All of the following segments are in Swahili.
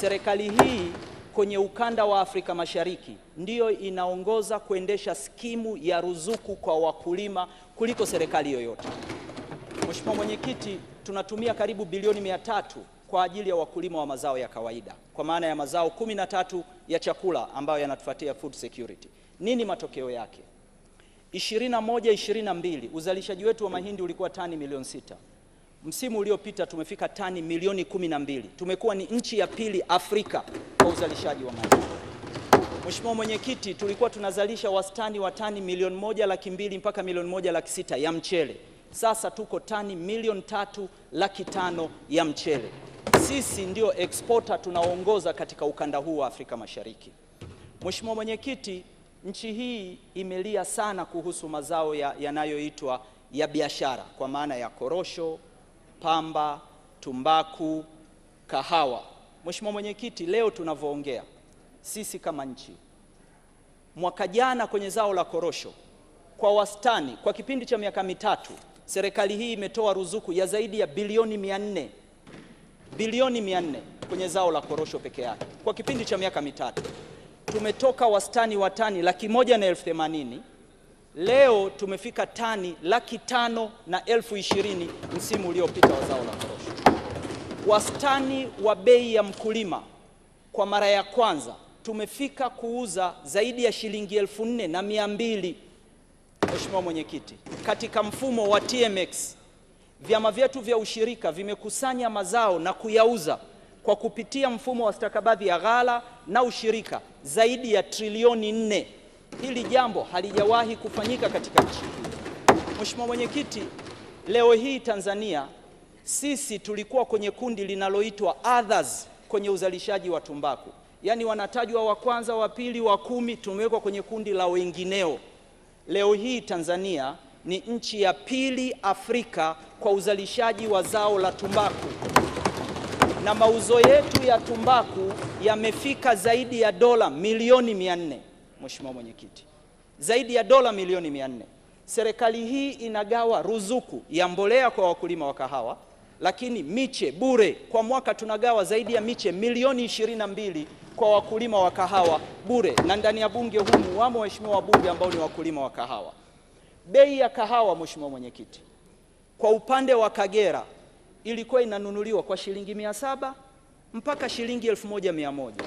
Serikali hii kwenye ukanda wa Afrika Mashariki ndiyo inaongoza kuendesha skimu ya ruzuku kwa wakulima kuliko serikali yoyote. Mheshimiwa Mwenyekiti, tunatumia karibu bilioni mia tatu kwa ajili ya wakulima wa mazao ya kawaida kwa maana ya mazao kumi na tatu ya chakula ambayo yanatufuatia food security. Nini matokeo yake? 21 22 uzalishaji wetu wa mahindi ulikuwa tani milioni sita. Msimu uliopita tumefika tani milioni kumi na mbili. Tumekuwa ni nchi ya pili Afrika kwa uzalishaji wa maji. Mheshimiwa Mwenyekiti, tulikuwa tunazalisha wastani wa tani milioni moja laki mbili mpaka milioni moja laki sita ya mchele. Sasa tuko tani milioni tatu laki tano ya mchele. Sisi ndio exporter tunaongoza katika ukanda huu wa Afrika Mashariki. Mheshimiwa Mwenyekiti, nchi hii imelia sana kuhusu mazao yanayoitwa ya, ya biashara kwa maana ya korosho pamba, tumbaku, kahawa. Mheshimiwa Mwenyekiti, leo tunavyoongea sisi kama nchi, mwaka jana kwenye zao la korosho, kwa wastani kwa kipindi cha miaka mitatu, serikali hii imetoa ruzuku ya zaidi ya bilioni nne bilioni nne kwenye zao la korosho peke yake. Kwa kipindi cha miaka mitatu tumetoka wastani wa tani laki moja na elfu themanini Leo tumefika tani laki tano na elfu ishirini msimu uliopita wa zao la korosho. Wastani wa bei ya mkulima kwa mara ya kwanza tumefika kuuza zaidi ya shilingi elfu nne na mia mbili. Mheshimiwa Mwenyekiti, katika mfumo wa TMX vyama vyetu vya ushirika vimekusanya mazao na kuyauza kwa kupitia mfumo wa stakabadhi ya ghala na ushirika zaidi ya trilioni nne. Hili jambo halijawahi kufanyika katika nchi hii. Mheshimiwa Mwenyekiti, leo hii Tanzania sisi tulikuwa kwenye kundi linaloitwa others kwenye uzalishaji wa tumbaku, yaani wanatajwa wa kwanza, wa pili, wa kumi, tumewekwa kwenye kundi la wengineo. Leo hii Tanzania ni nchi ya pili Afrika kwa uzalishaji wa zao la tumbaku na mauzo yetu ya tumbaku yamefika zaidi ya dola milioni mia nne. Mheshimiwa Mwenyekiti, zaidi ya dola milioni mia nne serikali hii inagawa ruzuku ya mbolea kwa wakulima wa kahawa, lakini miche bure kwa mwaka tunagawa zaidi ya miche milioni ishirini na mbili kwa wakulima wa kahawa bure, na ndani ya bunge humu wamo waheshimiwa wabunge ambao ni wakulima wa kahawa. Bei ya kahawa, Mheshimiwa Mwenyekiti, kwa upande wa Kagera ilikuwa inanunuliwa kwa shilingi mia saba mpaka shilingi elfu moja mia moja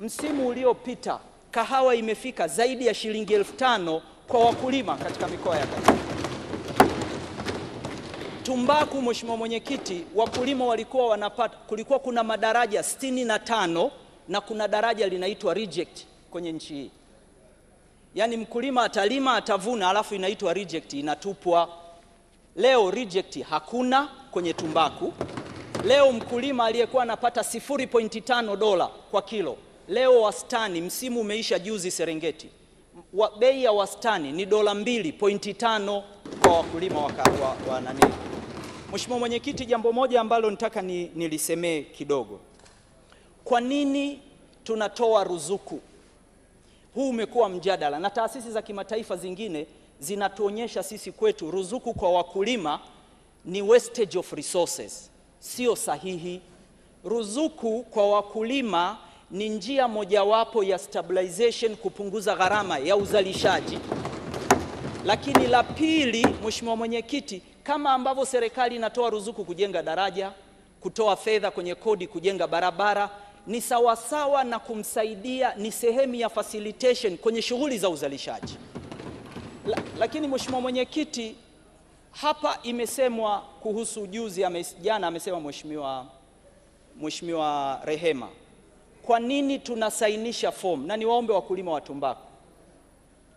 msimu uliopita kahawa imefika zaidi ya shilingi elfu tano kwa wakulima katika mikoa ya Kagera. Tumbaku, Mheshimiwa Mwenyekiti, wakulima walikuwa wanapata, kulikuwa kuna madaraja sitini na tano na kuna daraja linaitwa reject kwenye nchi hii, yaani mkulima atalima atavuna, alafu inaitwa reject, inatupwa. Leo reject hakuna kwenye tumbaku. Leo mkulima aliyekuwa anapata 0.5 dola kwa kilo leo wastani, msimu umeisha juzi Serengeti, wa bei ya wastani ni dola mbili pointi tano kwa wakulima wa, wa, wa nani. Mheshimiwa Mwenyekiti, jambo moja ambalo nitaka ni, nilisemee kidogo. Kwa nini tunatoa ruzuku? Huu umekuwa mjadala na taasisi za kimataifa zingine zinatuonyesha sisi kwetu ruzuku kwa wakulima ni wastage of resources, sio sahihi. Ruzuku kwa wakulima ni njia mojawapo ya stabilization kupunguza gharama ya uzalishaji. Lakini la pili, Mheshimiwa Mwenyekiti, kama ambavyo serikali inatoa ruzuku kujenga daraja, kutoa fedha kwenye kodi kujenga barabara, ni sawasawa na kumsaidia, ni sehemu ya facilitation kwenye shughuli za uzalishaji. La, lakini Mheshimiwa Mwenyekiti, hapa imesemwa kuhusu ujuzi, jana amesema Mheshimiwa Mheshimiwa Rehema kwa nini tunasainisha fomu? Na niwaombe wakulima wa tumbaku,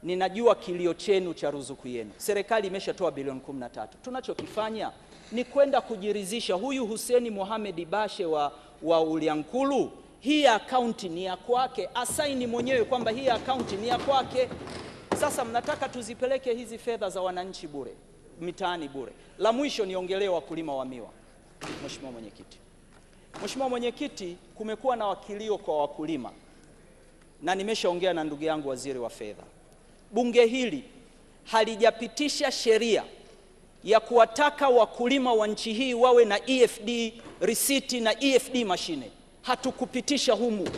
ninajua kilio chenu cha ruzuku yenu. Serikali imeshatoa bilioni 13. Tunachokifanya ni kwenda kujiridhisha huyu Huseni Mohamed Bashe wa, wa Ulyankulu, hii akaunti ni ya kwake, asaini mwenyewe kwamba hii akaunti ni ya kwake. Sasa mnataka tuzipeleke hizi fedha za wananchi bure mitaani bure. La mwisho niongelee wakulima wa miwa, Mheshimiwa Mwenyekiti. Mheshimiwa Mwenyekiti, kumekuwa na wakilio kwa wakulima na nimeshaongea na ndugu yangu waziri wa fedha. Bunge hili halijapitisha sheria ya kuwataka wakulima wa nchi hii wawe na EFD risiti na EFD mashine, hatukupitisha humu.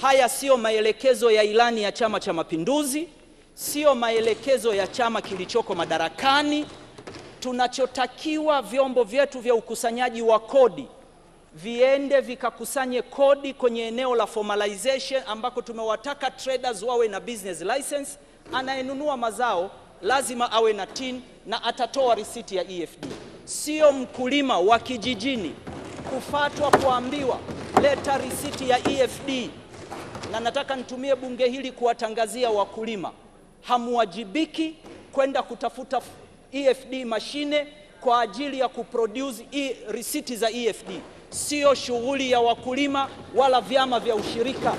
Haya siyo maelekezo ya ilani ya Chama cha Mapinduzi, siyo maelekezo ya chama kilichoko madarakani. Tunachotakiwa vyombo vyetu vya ukusanyaji wa kodi viende vikakusanye kodi kwenye eneo la formalization ambako tumewataka traders wawe na business license. Anayenunua mazao lazima awe na TIN na atatoa risiti ya EFD. Sio mkulima wa kijijini kufatwa kuambiwa leta risiti ya EFD. Na nataka nitumie bunge hili kuwatangazia wakulima, hamwajibiki kwenda kutafuta EFD mashine kwa ajili ya kuproduce e, risiti za EFD sio shughuli ya wakulima wala vyama vya ushirika.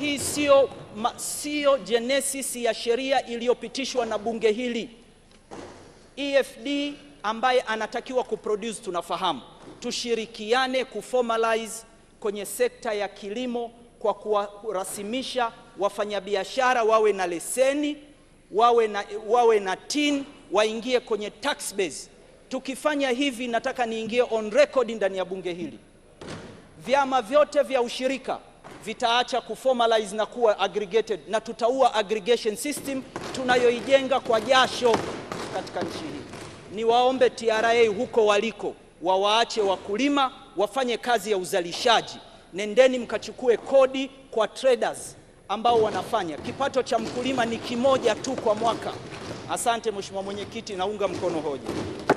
Hii sio sio genesis ya sheria iliyopitishwa na bunge hili. EFD ambaye anatakiwa kuproduce, tunafahamu, tushirikiane kuformalize kwenye sekta ya kilimo kwa kuwarasimisha wafanyabiashara wawe na leseni wawe na, wawe na TIN waingie kwenye tax base. Tukifanya hivi, nataka niingie on record ndani ya bunge hili, vyama vyote vya ushirika vitaacha kuformalize na kuwa aggregated na tutaua aggregation system tunayoijenga kwa jasho katika nchi hii. Niwaombe TRA huko waliko wawaache wakulima wafanye kazi ya uzalishaji. Nendeni mkachukue kodi kwa traders ambao wanafanya. Kipato cha mkulima ni kimoja tu kwa mwaka. Asante Mheshimiwa Mwenyekiti, naunga mkono hoja.